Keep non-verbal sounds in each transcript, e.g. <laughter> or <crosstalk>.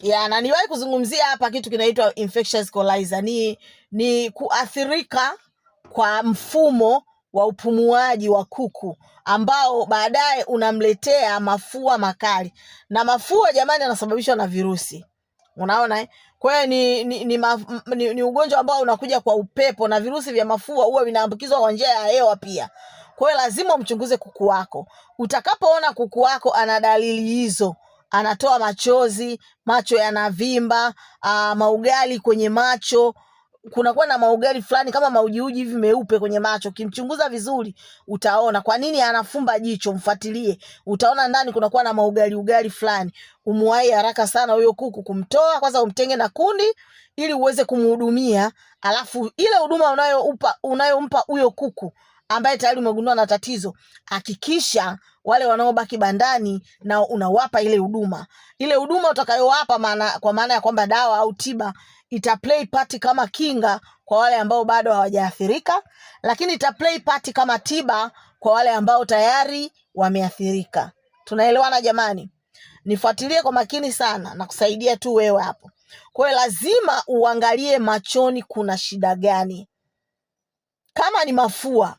ya na niwahi kuzungumzia hapa kitu kinaitwa infectious coryza. Ni, ni kuathirika kwa mfumo wa upumuaji wa kuku ambao baadaye unamletea mafua makali, na mafua jamani, yanasababishwa na virusi, unaona eh? Kwa hiyo ni, ni, ni, ni, ni ugonjwa ambao unakuja kwa upepo, na virusi vya mafua huwa vinaambukizwa kwa njia ya hewa pia. Kwa hiyo lazima umchunguze kuku wako. Utakapoona kuku wako ana dalili hizo anatoa machozi, macho yanavimba, uh, maugali kwenye macho kunakuwa na maugali fulani kama maujiuji hivi meupe kwenye macho. Ukimchunguza vizuri utaona kwa nini anafumba jicho, mfuatilie, utaona ndani kunakuwa na maugali ugali fulani. Umwai haraka sana huyo kuku, kumtoa kwanza, umtenge na kundi ili uweze kumhudumia, alafu ile huduma unayompa unayompa huyo kuku ambaye tayari umegundua na tatizo, hakikisha wale wanaobaki bandani na unawapa ile huduma. Ile huduma utakayowapa maana, kwa maana ya kwamba dawa au tiba ita play part kama kinga kwa wale ambao bado hawajaathirika, lakini ita play part kama tiba kwa wale ambao tayari wameathirika. Tunaelewana jamani? Nifuatilie kwa makini sana na kusaidia tu wewe hapo. Kwa hiyo lazima uangalie machoni kuna shida gani. Kama ni mafua,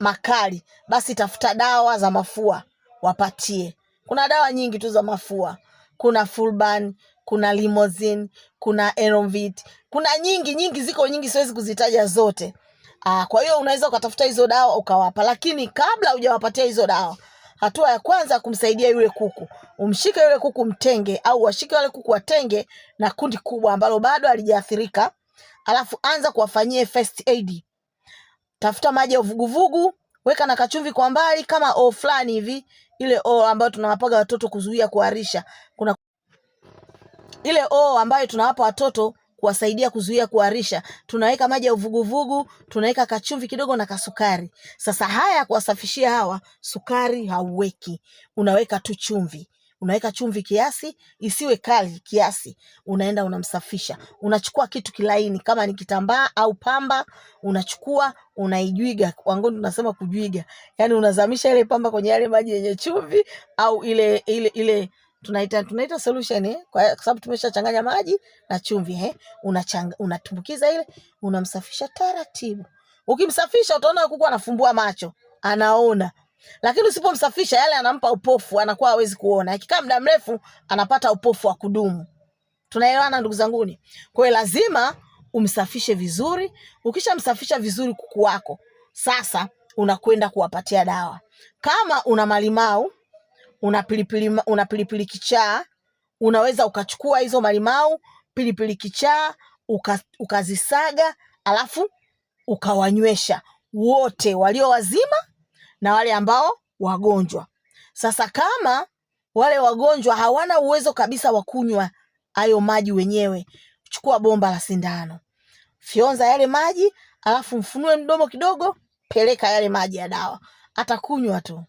makali, basi tafuta dawa za mafua wapatie. Kuna dawa nyingi tu za mafua, kuna Fulban, kuna Limozin, kuna Eromvit, kuna nyingi nyingi, ziko nyingi, siwezi kuzitaja zote. Aa, ah, kwa hiyo unaweza ukatafuta hizo dawa ukawapa, lakini kabla hujawapatia hizo dawa hatua ya kwanza kumsaidia yule kuku, umshike yule kuku mtenge, au washike wale kuku watenge na kundi kubwa ambalo bado halijaathirika, alafu anza kuwafanyia first aid tafuta maji ya uvuguvugu, weka na kachumvi kwa mbali, kama o fulani hivi, ile o ambayo tunawapaga watoto kuzuia kuharisha. Kuna ile o ambayo tunawapa watoto kuwasaidia kuzuia kuharisha, tunaweka maji ya uvuguvugu, tunaweka kachumvi kidogo na kasukari. Sasa haya kuwasafishia hawa, sukari hauweki, unaweka tu chumvi unaweka chumvi kiasi, isiwe kali kiasi. Unaenda unamsafisha, unachukua kitu kilaini, kama ni kitambaa au pamba, unachukua unaijwiga. Wangoni tunasema kujwiga, yani unazamisha ile pamba kwenye yale maji yenye chumvi au ile ile ile tunaita tunaita solution eh, kwa sababu tumeshachanganya maji na chumvi eh, unachanga unatumbukiza ile, unamsafisha taratibu. Ukimsafisha utaona kuku anafumbua macho, anaona lakini usipomsafisha yale anampa upofu, anakuwa hawezi kuona. Akikaa muda mrefu anapata upofu wa kudumu. Tunaelewana ndugu zanguni? Kwa lazima umsafishe vizuri. Ukishamsafisha vizuri kuku wako, sasa unakwenda kuwapatia dawa. Kama una malimau, una pilipili, una pilipili kichaa, unaweza ukachukua hizo malimau, pilipili kichaa uka, ukazisaga alafu ukawanywesha wote, walio wazima na wale ambao wagonjwa. Sasa kama wale wagonjwa hawana uwezo kabisa wa kunywa hayo maji wenyewe, chukua bomba la sindano, fyonza yale maji, alafu mfunue mdomo kidogo, peleka yale maji ya dawa, atakunywa tu.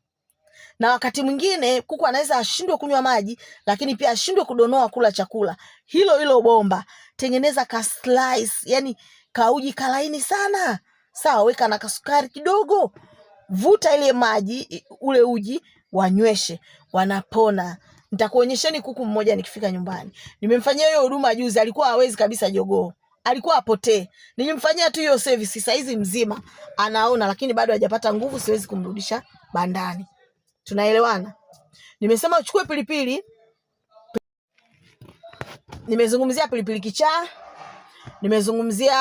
Na wakati mwingine kuku anaweza ashindwe kunywa maji, lakini pia ashindwe kudonoa kula chakula. Hilo hilo bomba, tengeneza ka slice, yani kauji kalaini sana, sawa, weka na kasukari kidogo vuta ile maji ule uji wanyweshe, wanapona. Nitakuonyesheni kuku mmoja nikifika nyumbani. Nimemfanyia hiyo huduma juzi, alikuwa hawezi kabisa jogoo, alikuwa apotee. Nilimfanyia tu hiyo service, saizi hizi mzima anaona, lakini bado hajapata nguvu, siwezi kumrudisha bandani. Tunaelewana? Nimesema uchukue pilipili, nimezungumzia pilipili kichaa, nimezungumzia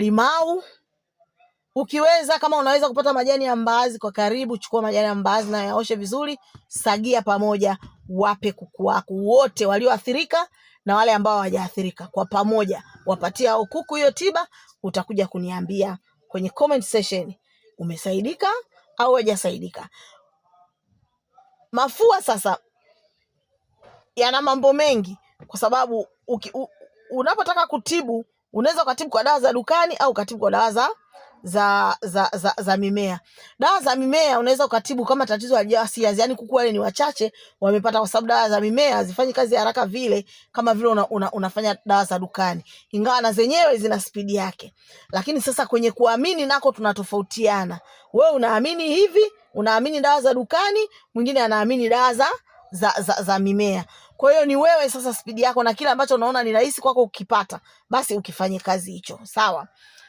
limau Ukiweza kama unaweza kupata majani ya mbaazi kwa karibu, chukua majani ya mbaazi na yaoshe vizuri, sagia pamoja, wape kuku wako wote walioathirika na wale ambao hawajaathirika kwa pamoja, wapatie hao kuku hiyo tiba. Utakuja kuniambia kwenye comment section umesaidika au hujasaidika. Mafua sasa yana mambo mengi, kwa sababu uki, u, unapotaka kutibu unaweza ukatibu kwa dawa za dukani au ukatibu kwa dawa za za za, za za mimea. Dawa za mimea unaweza ukatibu kama tatizo la jasirias, yani kuku wale ni wachache wamepata, kwa sababu dawa za mimea zifanyi kazi haraka vile kama vile una, una, unafanya dawa za dukani, ingawa na zenyewe zina spidi yake. Lakini sasa kwenye kuamini nako tunatofautiana. Wewe unaamini hivi, unaamini dawa za dukani, mwingine anaamini dawa za za, za, za mimea. Kwa hiyo ni wewe sasa spidi yako, na kile ambacho unaona ni rahisi kwako ukipata, basi ukifanye kazi hicho, sawa.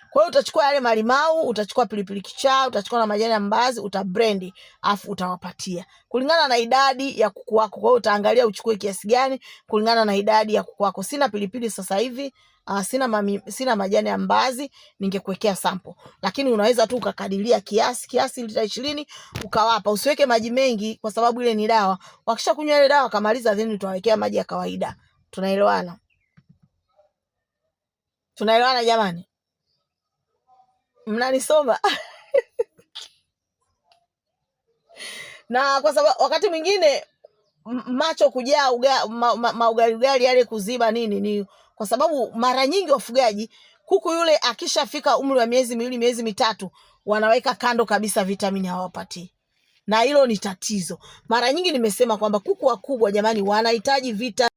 Kwa hiyo utachukua yale malimau, utachukua pilipili kichaa, utachukua na majani ya mbazi, utabrendi afu utawapatia kulingana na idadi ya kuku wako. Kwa hiyo utaangalia uchukue kiasi gani kulingana na idadi ya kuku wako. Sina pilipili sasa hivi. Uh, sina, mami, sina majani ya mbazi ningekuwekea sample, lakini unaweza tu ukakadiria kiasi kiasi, lita 20 ukawapa. Usiweke maji mengi, kwa sababu ile ni dawa. Wakisha kunywa ile dawa kamaliza, then utawawekea maji ya kawaida. Tunaelewana? Tunaelewana jamani? mnanisoma <laughs> na kwa sababu wakati mwingine macho kujaa uga, ma, ma, ugali yale kuziba nini ni kwa sababu mara nyingi wafugaji kuku yule akishafika umri wa miezi miwili miezi mitatu wanaweka kando kabisa, vitamini hawapatii, na hilo ni tatizo. Mara nyingi nimesema kwamba kuku wakubwa, jamani, wanahitaji vita